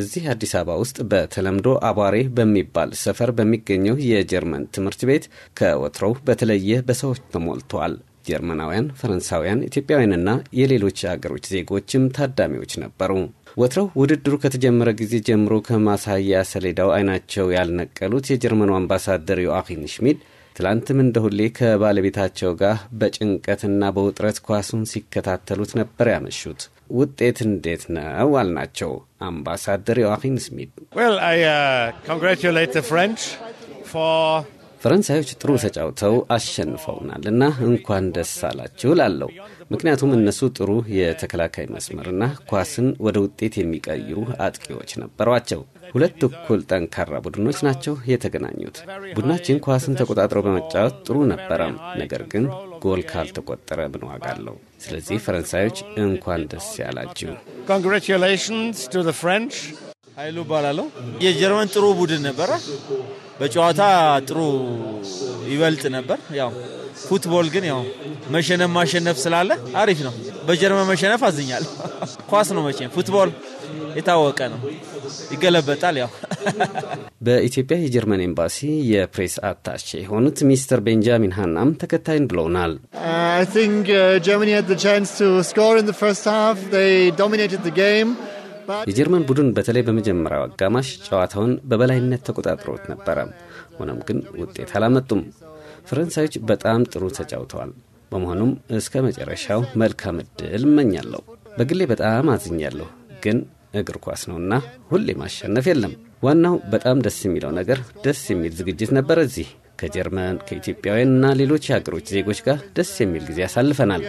እዚህ አዲስ አበባ ውስጥ በተለምዶ አቧሬ በሚባል ሰፈር በሚገኘው የጀርመን ትምህርት ቤት ከወትሮው በተለየ በሰዎች ተሞልቷል። ጀርመናውያን፣ ፈረንሳውያን፣ ኢትዮጵያውያንና የሌሎች አገሮች ዜጎችም ታዳሚዎች ነበሩ። ወትረው ውድድሩ ከተጀመረ ጊዜ ጀምሮ ከማሳያ ሰሌዳው አይናቸው ያልነቀሉት የጀርመኑ አምባሳደር ዮአኪን ሽሚድ ትላንትም እንደ ሁሌ ከባለቤታቸው ጋር በጭንቀትና በውጥረት ኳሱን ሲከታተሉት ነበር ያመሹት። ውጤት እንዴት ነው አልናቸው። አምባሳደር ዮአኪን ስሚት ፈረንሳዮች ጥሩ ተጫውተው አሸንፈውናል እና እንኳን ደስ አላችሁ ላለው። ምክንያቱም እነሱ ጥሩ የተከላካይ መስመርና ኳስን ወደ ውጤት የሚቀይሩ አጥቂዎች ነበሯቸው። ሁለት እኩል ጠንካራ ቡድኖች ናቸው የተገናኙት። ቡድናችን ኳስን ተቆጣጥረው በመጫወት ጥሩ ነበረም፣ ነገር ግን ጎል ካልተቆጠረ ምን ዋጋ አለው? ስለዚህ ፈረንሳዮች እንኳን ደስ ያላችሁ። ኮንግራቹሌሽንስ ቱ ፍሬንች። ኃይሉ እባላለሁ። የጀርመን ጥሩ ቡድን ነበረ። በጨዋታ ጥሩ ይበልጥ ነበር። ያው ፉትቦል ግን ያው መሸነፍ ማሸነፍ ስላለ አሪፍ ነው። በጀርመን መሸነፍ አዝኛል። ኳስ ነው መቼም ፉትቦል የታወቀ ነው፣ ይገለበጣል። ያው በኢትዮጵያ የጀርመን ኤምባሲ የፕሬስ አታች የሆኑት ሚስተር ቤንጃሚን ሃናም ተከታይን ብለውናል። ጀርመኒ ቻንስ ቱ ስኮር ኢን ፈርስት ሃፍ ዶሚኔትድ ጌም የጀርመን ቡድን በተለይ በመጀመሪያው አጋማሽ ጨዋታውን በበላይነት ተቆጣጥሮት ነበረ። ሆኖም ግን ውጤት አላመጡም። ፈረንሳዮች በጣም ጥሩ ተጫውተዋል። በመሆኑም እስከ መጨረሻው መልካም እድል እመኛለሁ። በግሌ በጣም አዝኛለሁ፣ ግን እግር ኳስ ነውና ሁሌ ማሸነፍ የለም። ዋናው በጣም ደስ የሚለው ነገር ደስ የሚል ዝግጅት ነበር እዚህ ከጀርመን ከኢትዮጵያውያንና ሌሎች የሀገሮች ዜጎች ጋር ደስ የሚል ጊዜ ያሳልፈናል።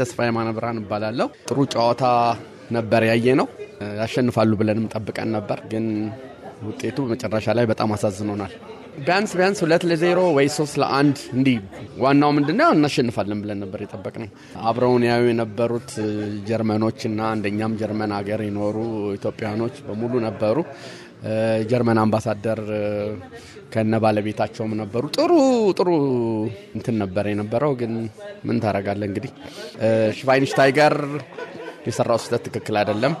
ተስፋ የማነ ብርሃን እባላለሁ። ጥሩ ጨዋታ ነበር ያየ ነው። ያሸንፋሉ ብለንም ጠብቀን ነበር፣ ግን ውጤቱ መጨረሻ ላይ በጣም አሳዝኖናል። ቢያንስ ቢያንስ ሁለት ለዜሮ ወይ ሶስት ለአንድ እንዲህ ዋናው ምንድነው እናሸንፋለን ብለን ነበር የጠበቅነው። አብረውን ያዩ የነበሩት ጀርመኖች እና እንደኛም ጀርመን ሀገር የኖሩ ኢትዮጵያኖች በሙሉ ነበሩ። ጀርመን አምባሳደር ከነ ባለቤታቸውም ነበሩ። ጥሩ ጥሩ እንትን ነበር የነበረው። ግን ምን ታረጋለ እንግዲህ ሽቫይንሽታይገር የሰራው ስህተት ትክክል አይደለም።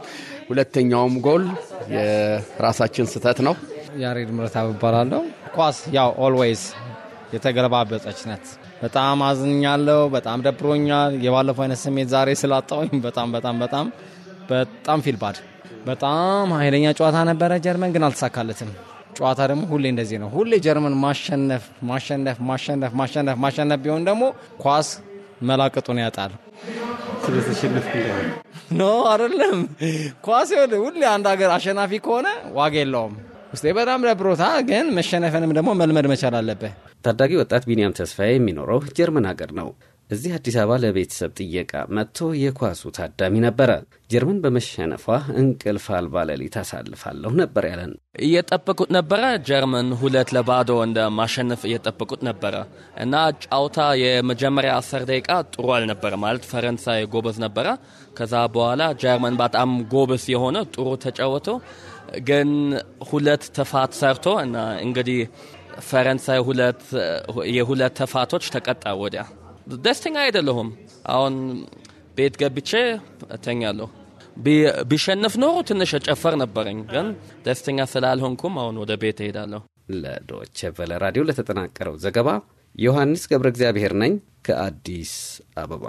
ሁለተኛውም ጎል የራሳችን ስህተት ነው። ያሬድ ምረታ እባላለሁ። ኳስ ያው ኦልዌይስ የተገለባበጠች ናት። በጣም አዝኛለሁ። በጣም ደብሮኛል። የባለፈው አይነት ስሜት ዛሬ ስላጣውኝ በጣም በጣም በጣም በጣም ፊልባድ በጣም ኃይለኛ ጨዋታ ነበረ። ጀርመን ግን አልተሳካለትም። ጨዋታ ደግሞ ሁሌ እንደዚህ ነው። ሁሌ ጀርመን ማሸነፍ ማሸነፍ ማሸነፍ ማሸነፍ ማሸነፍ ቢሆን ደግሞ ኳስ መላቅጡን ያጣል። ኖ አይደለም ኳስ ሆ ሁሌ አንድ ሀገር አሸናፊ ከሆነ ዋጋ የለውም። ውስጤ በጣም ደብሮታ፣ ግን መሸነፍንም ደግሞ መልመድ መቻል አለበት። ታዳጊ ወጣት ቢንያም ተስፋዬ የሚኖረው ጀርመን ሀገር ነው። እዚህ አዲስ አበባ ለቤተሰብ ጥየቃ መጥቶ የኳሱ ታዳሚ ነበረ። ጀርመን በመሸነፏ እንቅልፍ አልባ ሌሊት አሳልፋለሁ ነበር ያለን። እየጠበቁት ነበረ ጀርመን ሁለት ለባዶ እንደ ማሸነፍ እየጠበቁት ነበረ እና ጫውታ የመጀመሪያ አስር ደቂቃ ጥሩ አልነበረ ማለት ፈረንሳይ ጎበዝ ነበረ። ከዛ በኋላ ጀርመን በጣም ጎበዝ የሆነ ጥሩ ተጫወቶ ግን ሁለት ተፋት ሰርቶ እና እንግዲህ ፈረንሳይ የሁለት ተፋቶች ተቀጣ ወዲያ ደስተኛ አይደለሁም። አሁን ቤት ገብቼ እተኛለሁ። ቢሸንፍ ኖሩ ትንሽ ጨፈር ነበረኝ፣ ግን ደስተኛ ስላልሆንኩም አሁን ወደ ቤት እሄዳለሁ። ለዶቼ ቨለ ራዲዮ ለተጠናቀረው ዘገባ ዮሐንስ ገብረ እግዚአብሔር ነኝ ከአዲስ አበባ።